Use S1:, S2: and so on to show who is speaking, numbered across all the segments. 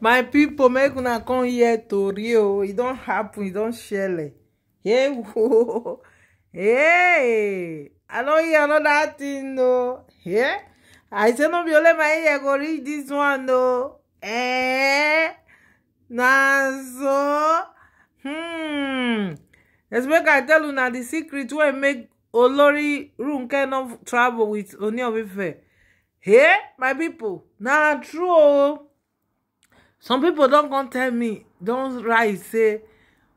S1: my people make una come here to Rio. It don't happen e don shele hey whoa hey i don hear another thing though. yeah i say no be only my ear go reach this one though. eh na hmm let's make i tell you una the secret wey make olori room kind of trouble with only of ife hey my people. na true oh some people don come tell me don write say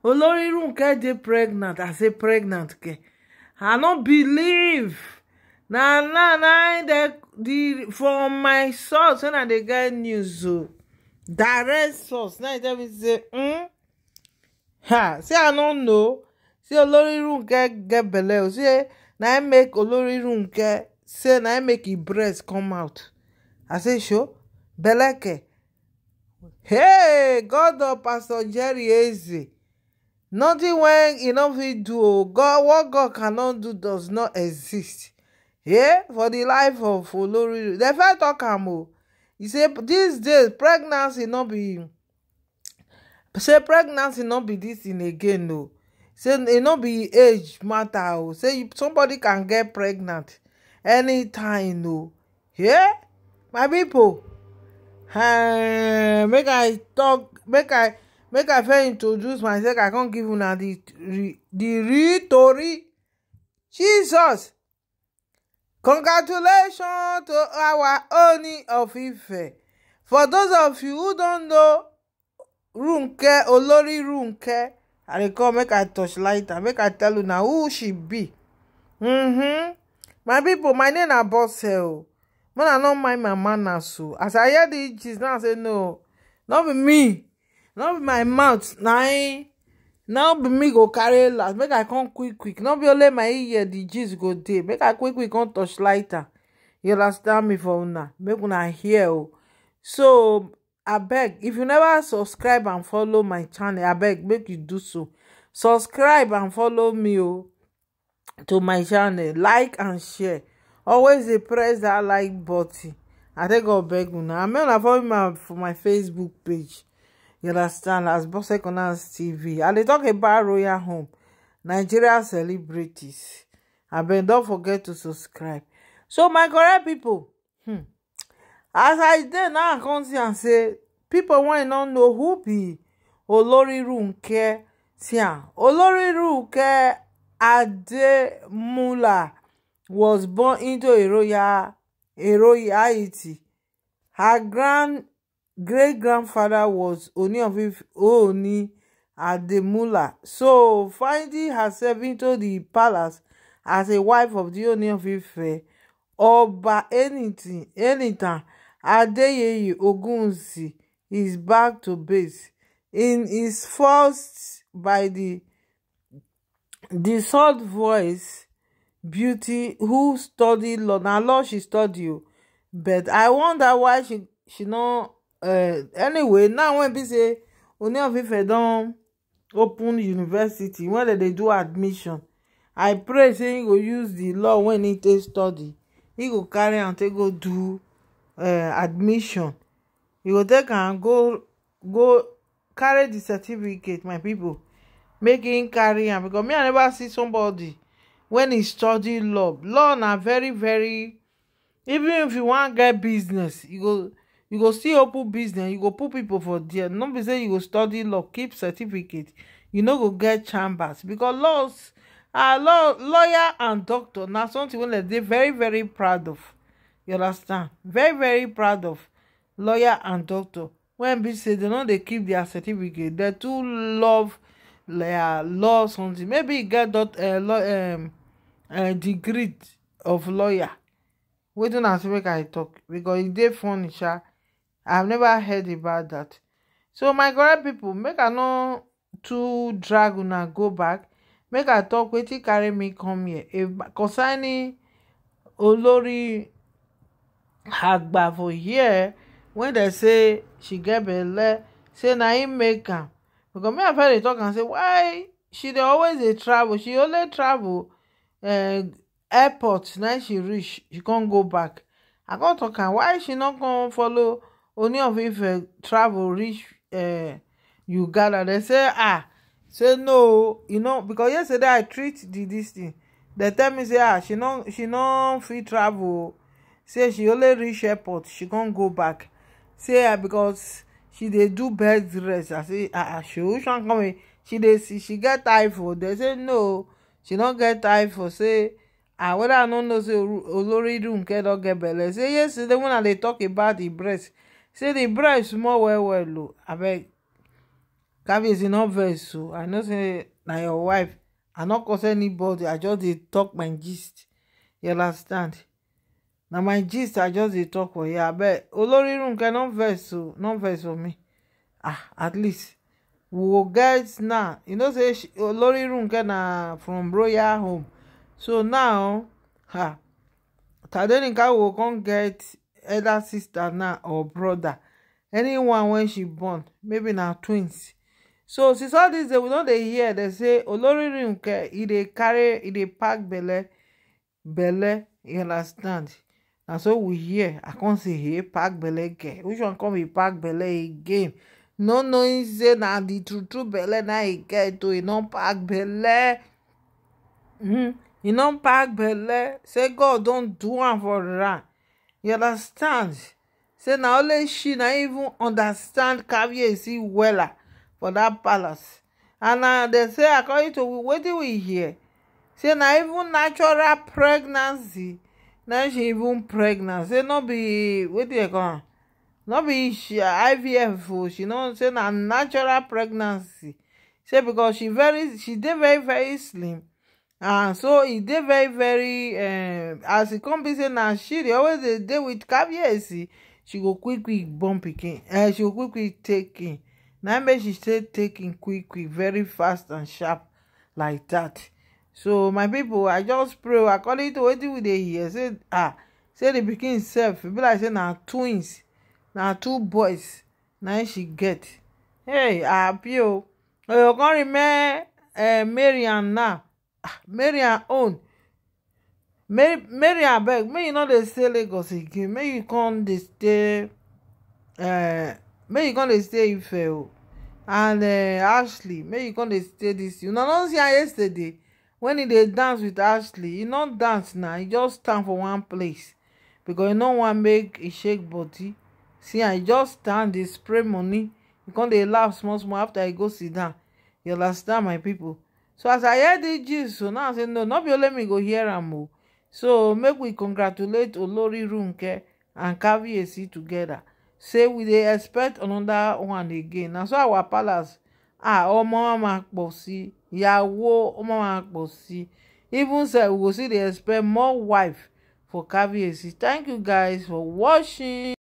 S1: "Olori olorirunke dey pregnant i say pregnant ke i no believe na na na for my source wen i dey get news o direct source now e tell me say hmm ha say i no know say olorirunke get belle o say na im make Olori olorirunke say na im make e breast come out i say sure belle ke hey god of pastor jerry eze nothing wey e no fit do o oh god what god cannot do does not exist yeah for the life of olori dem first tok am o oh. e say dis days pregnancy no be say pregnancy no be this thing again o oh. say e no be age matter o say somebody can get pregnant anytime o yeah my people. make i talk make i make i first introduce myself i con give una the the re tori jesus congratulations to our Oni of ife for those of you who don know runke olori runke i recall make i touch light make i tell una who she be hmm my pipo my name na boss o when i no mind my manners so as i hear the gist now i say no no be me no be my mouth na im eh, no be me go carry last make i come quick quick no be only my ear the gist go dey make i quick quick come touch lighter you understand me for una make una hear o oh. so abeg if you never subscribe and follow my channel abeg make you do so subscribe and follow me o oh, to my channel like and share always dey press that like button i thank god beg una and make una follow me for my facebook page you understand as boss economics tv i dey talk about royal home nigeria celebrities abeg don forget to subscribe so my correct pipo hmm as i dey now i come see am say pipo wey no know who be olorironke tia olorironke ademula was born into a royal a royalty. Her grand great grandfather was Ooni of Ife Ooni Ademula. So finding herself into the palace as a wife of the Ooni of Ife Or by Oba Enitan Adeyeye Ogunsi is back to base. In his first by the the soft voice beauty who study law na law she study o but i wonder why she she no uh, anyway now when be say Ooni of Ife don open university when dem dey do admission i pray say he go use the law when he take study he go carry am take go do uh, admission he go take am go go carry the certificate my people make him carry am because me i never see somebody When e study law law na very very even if you wan get business you go you go still open business you go put people for there no be say you go study law keep certificate you no go get chambers because laws are ah, law lawyer and doctor na something wey dem dey very very proud of you understand very very proud of lawyer and doctor When be say dem no dey keep their certificate dem too love their ah, law something maybe e get dot uh, law um, degree of lawyer wetin as make i tok becos e dey funny sha i've never heard about that. so my correct people, make i no too drag una go back make i tok wetin carry me come here If concerning olori agba for here when dem say she get belle say na im make am because me and dey talk am say why she dey always dey travel she only travel Eh, airport na she reach she con go back i con talk am why she no come follow oni of ife travel reach eh, uganda dem say ah say no you know because yesterday i treat di dis thing dem tell me say ah she no she no fit travel say she only reach airport she con go back say ah because she dey do bed dress. i say ah, ah she wan come in. she dey see she get typhoid dem say no she no get time for say ah whether i no know say olorirunke don get belle say yesterday when i dey talk about di breast say di breast small well well o abeg cavies e no vex o i know say na your wife i no cause anybody i just dey talk my gist you understand na my gist i just dey talk for here abeg olorirunke no vex o no vex for me ah at least we will get now you know say oloririnke na from royal home so now ha tadenika will come get elder sister now or brother anyone when she born maybe na twins so since all these day we don dey hear dem say oloririnke e dey carry e dey pack belle belle you understand na so we hear i con say e pack belle girl which one come e pack belle again no knowing say na the true true belle na e get o e don pack belle hmm e don pack belle say god don do am for am you understand say na only she na even understand kabiyesi wella for dat palace and na dem say according to wetin we hear say na even natural pregnancy na she even pregnant say no be wetin dem call am no be she uh, ivf o oh, she no say na natural pregnancy say because she very she dey very very slim and so e dey very very um, as e come be say na she dey always dey dey with caviarcy she go quick quick born pikin uh, she go quick quick take in na make she say taking quick quick very fast and sharp like that. so my people, i just pray according to wetin we dey hear say ah say the pikin sef e be like say na twins na two boys na she get hey happy o oyo come remember uh, marian now ah, marian own Marian mary abeg make you no dey stay lagos again make you come dey stay uh, make you come dey stay ife o and uh, ashley May you come dey stay dis una don see am yesterday when he dey dance with ashley e no dance na e just stand for one place because e no wan make e shake body see i just stand dey spray money e con dey laugh small small after i go sit down you understand my people. so as i hear the gist so now i say no not be only me go hear am o oh. so make we congratulate olori runke and caviarcy together. say we dey expect anoda one again Now, so our palace ah omo mama pọ yawo omo mama pọ even say we go still dey expect more wife for caviarcy thank you guys for watching